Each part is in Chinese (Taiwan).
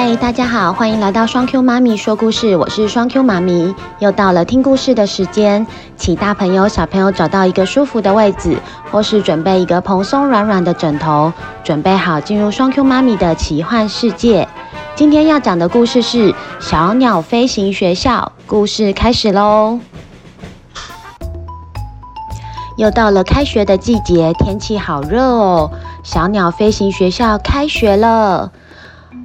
嗨，Hi, 大家好，歡迎來到雙 Q 媽咪說故事，我是雙 Q 媽咪，又到了聽故事的時間，請大朋友小朋友找到一個舒服的位置，或是準備一個蓬鬆軟軟的枕頭，準備好進入雙 Q 媽咪的奇幻世界。今天要講的故事是《小鳥飛行學校》，故事開始嘍。又到了開學的季節，天氣好熱哦，小鳥飛行學校開學了。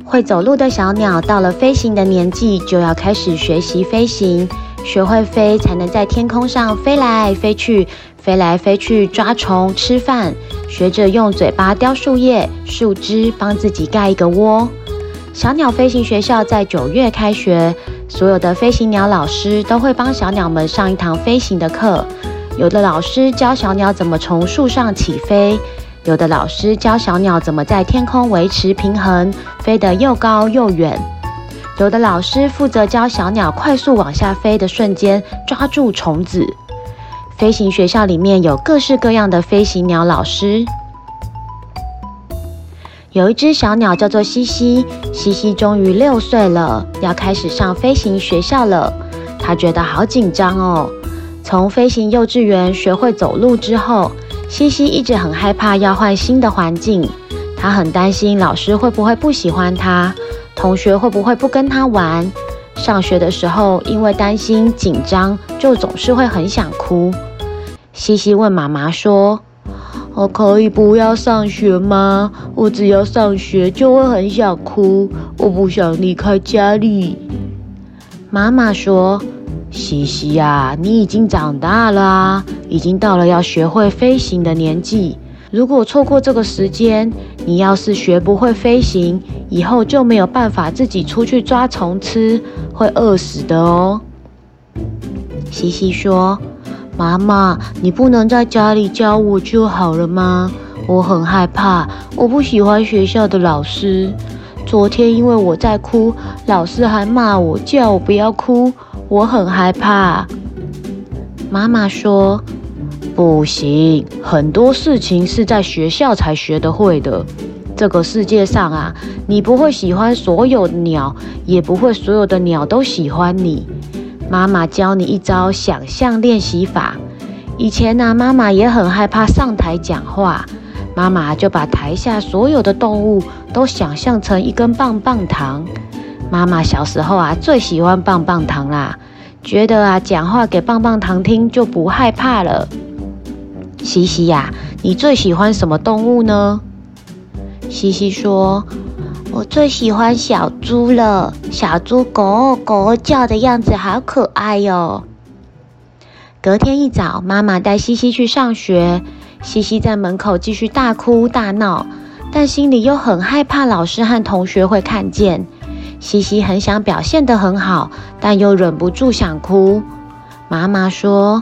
會走路的小鳥到了飛行的年紀，就要開始學習飛行。學會飛，才能在天空上飛來飛去，飛來飛去抓蟲吃飯，學着用嘴巴叼樹葉、樹枝，幫自己蓋一個窩。小鳥飛行學校在九月開學，所有的飛行鳥老師都會幫小鳥們上一堂飛行的課。有的老師教小鳥怎麼從樹上起飛。有的老師教小鳥怎麼在天空維持平衡，飛得又高又遠；有的老師負責教小鳥快速往下飛的瞬間抓住蟲子。飛行學校裡面有各式各樣的飛行鳥老師。有一隻小鳥叫做西西，西西終於六歲了，要開始上飛行學校了。他覺得好緊張哦。從飛行幼稚園學會走路之後。西西一直很害怕要換新的環境，他很擔心老師會不會不喜歡他，同學會不會不跟他玩。上學的時候，因為擔心緊張，就總是會很想哭。西西問媽媽說：“我可以不要上學嗎？我只要上學就會很想哭，我不想離開家裡。”媽媽說，西西呀、啊，你已經長大了啊，已經到了要學會飛行的年紀。如果錯過這個時間，你要是學不會飛行，以後就沒有辦法自己出去抓蟲吃，會餓死的哦。西西說：“媽媽，你不能在家裡教我就好了嗎？我很害怕，我不喜歡學校的老師。昨天因為我在哭，老師還罵我，叫我不要哭。”我很害怕。媽媽說：“不行，很多事情是在學校才學得會的。這個世界上啊，你不會喜歡所有的鳥，也不會所有的鳥都喜歡你。”媽媽教你一招想象練習法。以前啊，媽媽也很害怕上台講話，媽媽就把台下所有的動物都想象成一根棒棒糖。媽媽小時候啊，最喜歡棒棒糖啦、啊。覺得啊，講話給棒棒糖聽就不害怕了。西西呀、啊，你最喜歡什麼動物呢？西西說：“我最喜歡小豬了，小豬狗哦狗哦叫的樣子好可愛喲、哦。”隔天一早，媽媽帶西西去上學，西西在門口繼續大哭大鬧，但心裡又很害怕老師和同學會看見。西西很想表現得很好，但又忍不住想哭。媽媽說：“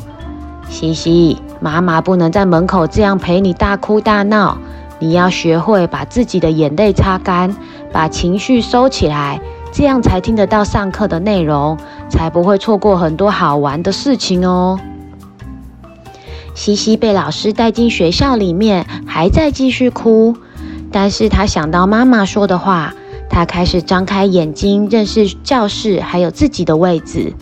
西西，媽媽不能在門口這樣陪你大哭大鬧，你要學會把自己的眼淚擦乾，把情緒收起來，這樣才聽得到上課的內容，才不會錯過很多好玩的事情哦。”西西被老師帶進學校裡面，還在繼續哭，但是他想到媽媽說的話。他開始張開眼睛，認識教室，還有自己的位置。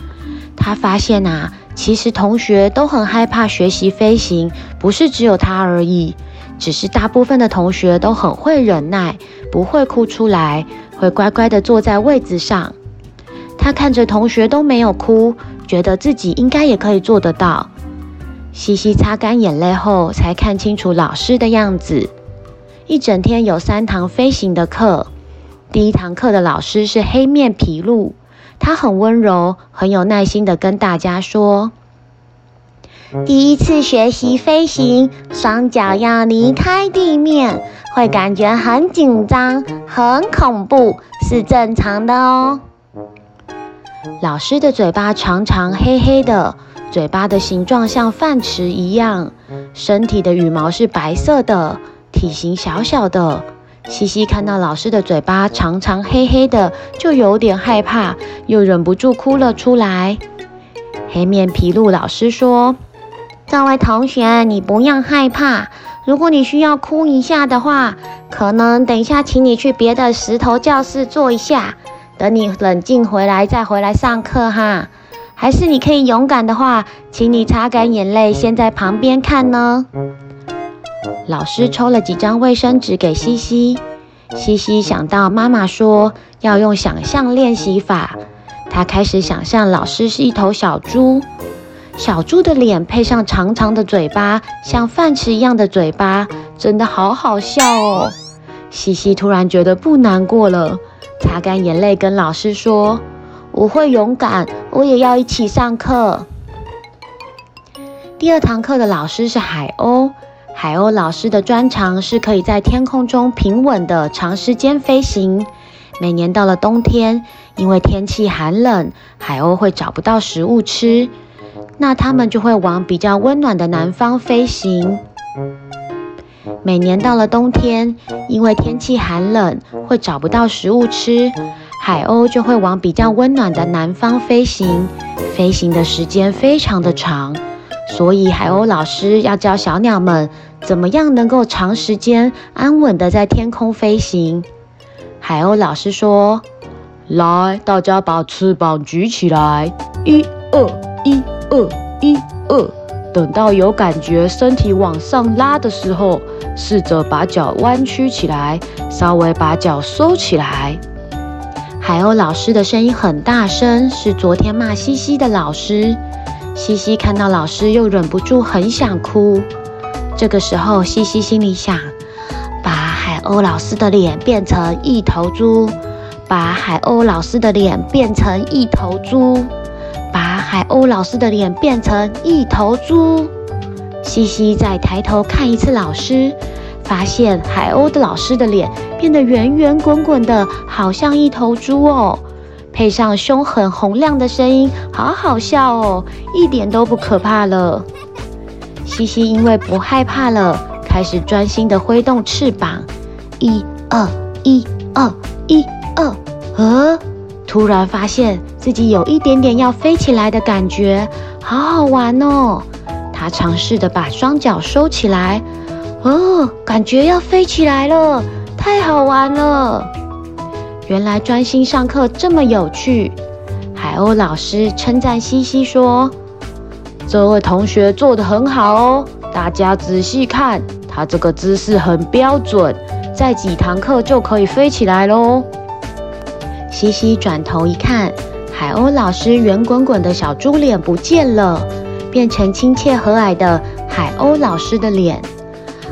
他發現啊，其實同學都很害怕學習飛行，不是只有他而已。只是大部分的同學都很會忍耐，不會哭出來，會乖乖的坐在位子上。他看着同學都沒有哭，覺得自己應該也可以做得到。西西擦乾眼淚後，才看清楚老師的樣子。一整天有三堂飛行的課。第一堂課的老師是黑面琵鷺，他很溫柔，很有耐心的跟大家說：“第一次學習飛行，雙腳要離開地面，會感覺很緊張，很恐怖，是正常的哦。”老師的嘴巴長長黑黑的，嘴巴的形狀像飯匙一樣，身體的羽毛是白色的，體型小小的。西西看到老師的嘴巴長長黑黑的，就有點害怕，又忍不住哭了出來。黑面琵鷺老師說：“這位同學，你不要害怕。如果你需要哭一下的話，可能等一下請你去別的石頭教室坐一下，等你冷靜回來再回來上課哈。還是你可以勇敢的話，請你擦乾眼淚，先在旁邊看呢。”老師抽了幾張衛生紙給西西，西西想到媽媽說要用想象練習法，她開始想象老師是一頭小豬，小豬的臉配上長長的嘴巴，像飯匙一樣的嘴巴，真的好好笑哦。西西突然覺得不難過了，擦乾眼淚跟老師說：“我會勇敢，我也要一起上課。”第二堂課的老師是海鷗。海鷗老師的專長是可以在天空中平穩的長時間飛行。每年到了冬天，因為天氣寒冷，海鷗會找不到食物吃，那它們就會往比較溫暖的南方飛行。每年到了冬天，因為天氣寒冷，會找不到食物吃，海鷗就會往比較溫暖的南方飛行，飛行的時間非常的長。所以海鷗老師要教小鳥們怎麼樣能夠長時間安穩的在天空飛行。海鷗老師說：“來，大家把翅膀舉起來，一二一二一二，等到有感覺身體往上拉的時候，試着把腳彎曲起來，稍微把腳收起來。”海鷗老師的聲音很大聲，是昨天罵西西的老師。西西看到老師，又忍不住很想哭。這個時候，西西心裡想：把海鷗老師的臉變成一頭豬，把海鷗老師的臉變成一頭豬，把海鷗老師的臉變成一頭豬。西西再抬頭看一次老師，發現海鷗的老師的臉變得圓圓滾滾的，好像一頭豬哦。配上兇狠洪亮的聲音，好好笑哦，一點都不可怕了。西西因為不害怕了，開始專心的揮動翅膀，一二一二一二，呃、哦，突然發現自己有一點點要飛起來的感覺，好好玩哦。她嘗試的把雙腳收起來，哦，感覺要飛起來了，太好玩了。原來專心上課這麼有趣，海鷗老師稱讚西西說：“這位同學做得很好哦，大家仔細看，他這個姿勢很標準，在幾堂課就可以飛起來咯。”西西轉頭一看，海鷗老師圓滾滾的小豬臉不見了，變成親切和藹的海鷗老師的臉。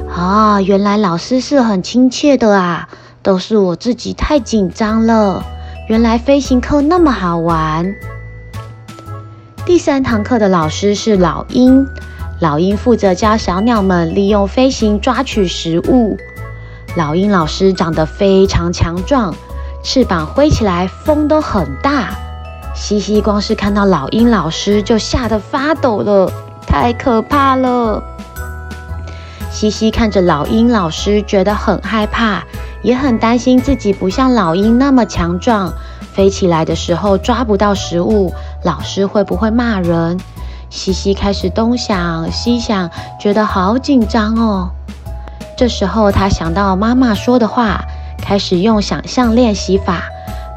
啊、哦，原來老師是很親切的啊！都是我自己太緊張了。原來飛行課那麼好玩。第三堂課的老師是老鷹，老鷹負責教小鳥們利用飛行抓取食物。老鷹老師長得非常強壯，翅膀揮起來風都很大。西西光是看到老鷹老師就嚇得發抖了，太可怕了。西西看着老鷹老師，覺得很害怕。也很擔心自己不像老鷹那麼強壯，飛起來的時候抓不到食物，老師會不會罵人？西西開始東想西想，覺得好緊張哦。這時候她想到媽媽說的話，開始用想象練習法，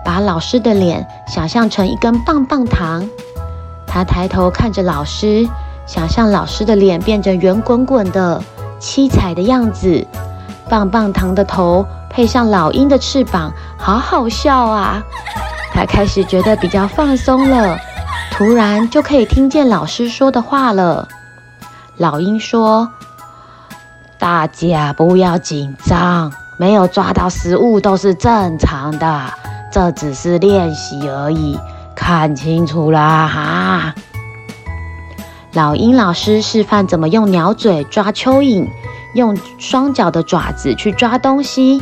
把老師的臉想象成一根棒棒糖。她抬頭看着老師，想象老師的臉變成圓滾滾的、七彩的樣子，棒棒糖的頭。配上老鷹的翅膀，好好笑啊！他開始覺得比較放鬆了，突然就可以聽見老師說的話了。老鷹說：“大家不要緊張，沒有抓到食物都是正常的，這只是練習而已。看清楚了哈！”老鷹老師示範怎麼用鳥嘴抓蚯蚓，用雙腳的爪子去抓東西。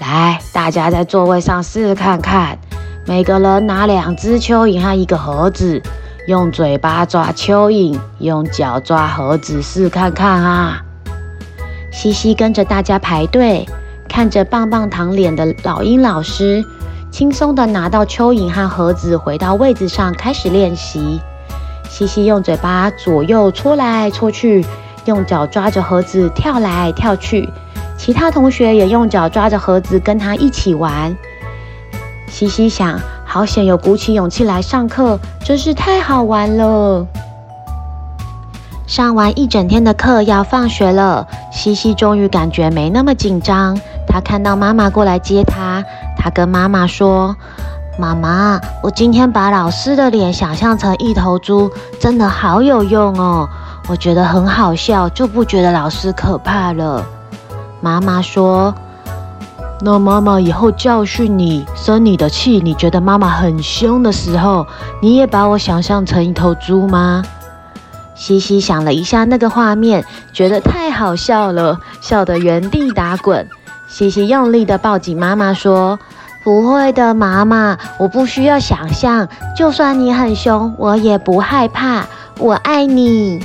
來，大家在座位上試看看。每個人拿兩隻蚯蚓和一個盒子，用嘴巴抓蚯蚓，用腳抓盒子，試看看啊。西西跟着大家排隊，看着棒棒糖臉的老鷹老師，輕鬆地拿到蚯蚓和盒子，回到位置上開始練習。西西用嘴巴左右搓來搓去，用腳抓着盒子跳來跳去。其他同學也用腳抓着盒子跟他一起玩。西西想，好險有鼓起勇氣來上課，真是太好玩了。上完一整天的課，要放學了。西西終於感覺沒那麼緊張。他看到媽媽過來接他，他跟媽媽說：“媽媽，我今天把老師的臉想象成一頭豬，真的好有用哦！我覺得很好笑，就不覺得老師可怕了。”媽媽說：“那媽媽以後教訓你、生你的氣，你覺得媽媽很凶的時候，你也把我想象成一頭豬嗎？”西西想了一下那個畫面，覺得太好笑了，笑得原地打滾。西西用力的抱緊媽媽說：“不會的，媽媽，我不需要想象，就算你很凶，我也不害怕。我愛你。”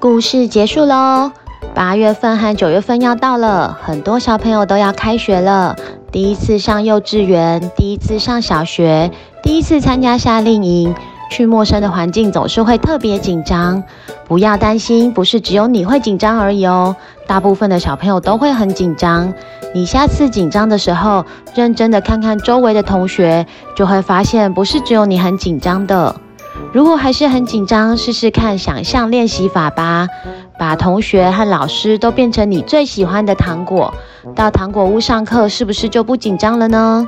故事結束嘍。八月份和九月份要到了，很多小朋友都要開學了。第一次上幼稚園，第一次上小學，第一次參加夏令營，去陌生的環境總是會特別緊張。不要擔心，不是只有你會緊張而已哦。大部分的小朋友都會很緊張。你下次緊張的時候，認真的看看周圍的同學，就會發現不是只有你很緊張的。如果還是很緊張，試試看想象練習法吧。把同學和老師都變成你最喜歡的糖果，到糖果屋上課是不是就不緊張了呢？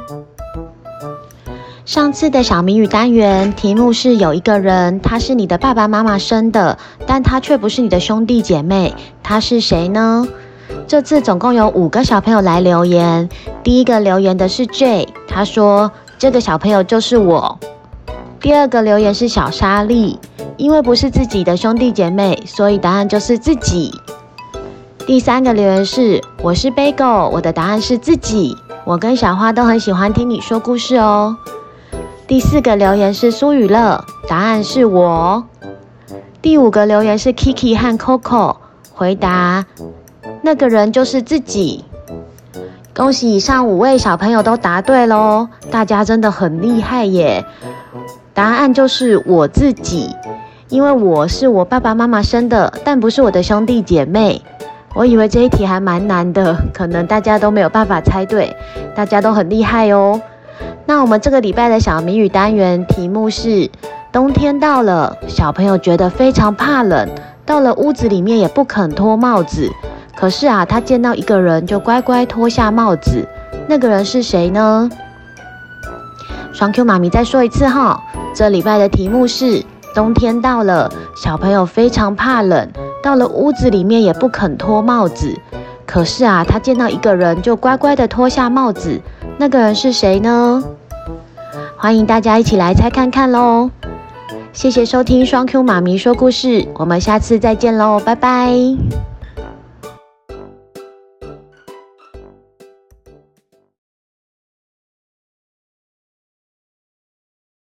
上次的小謎語單元題目是，有一個人，他是你的爸爸媽媽生的，但他卻不是你的兄弟姐妹，他是誰呢？這次總共有五個小朋友來留言，第一個留言的是 J，他說這個小朋友就是我。第二個留言是小沙利，因為不是自己的兄弟姐妹，所以答案就是自己。第三個留言是我是 Bagel，我的答案是自己。我跟小花都很喜歡聽你說故事哦。第四個留言是蘇雨樂，答案是我。第五個留言是 Kiki 和 Coco，回答那個人就是自己。恭喜以上五位小朋友都答對嘍，大家真的很厲害耶！答案就是我自己，因為我是我爸爸媽媽生的，但不是我的兄弟姐妹。我以為這一題還蠻難的，可能大家都沒有辦法猜對，大家都很厲害哦。那我們這個禮拜的小謎語單元題目是：冬天到了，小朋友覺得非常怕冷，到了屋子裡面也不肯脫帽子。可是啊，他見到一個人就乖乖脫下帽子，那個人是誰呢？雙 Q 媽咪再說一次哈。這禮拜的題目是：冬天到了，小朋友非常怕冷，到了屋子裡面也不肯脫帽子。可是啊，他見到一個人就乖乖的脫下帽子。那個人是誰呢？歡迎大家一起來猜看看嘍！謝謝收聽雙 Q 媽咪說故事，我們下次再見嘍，拜拜。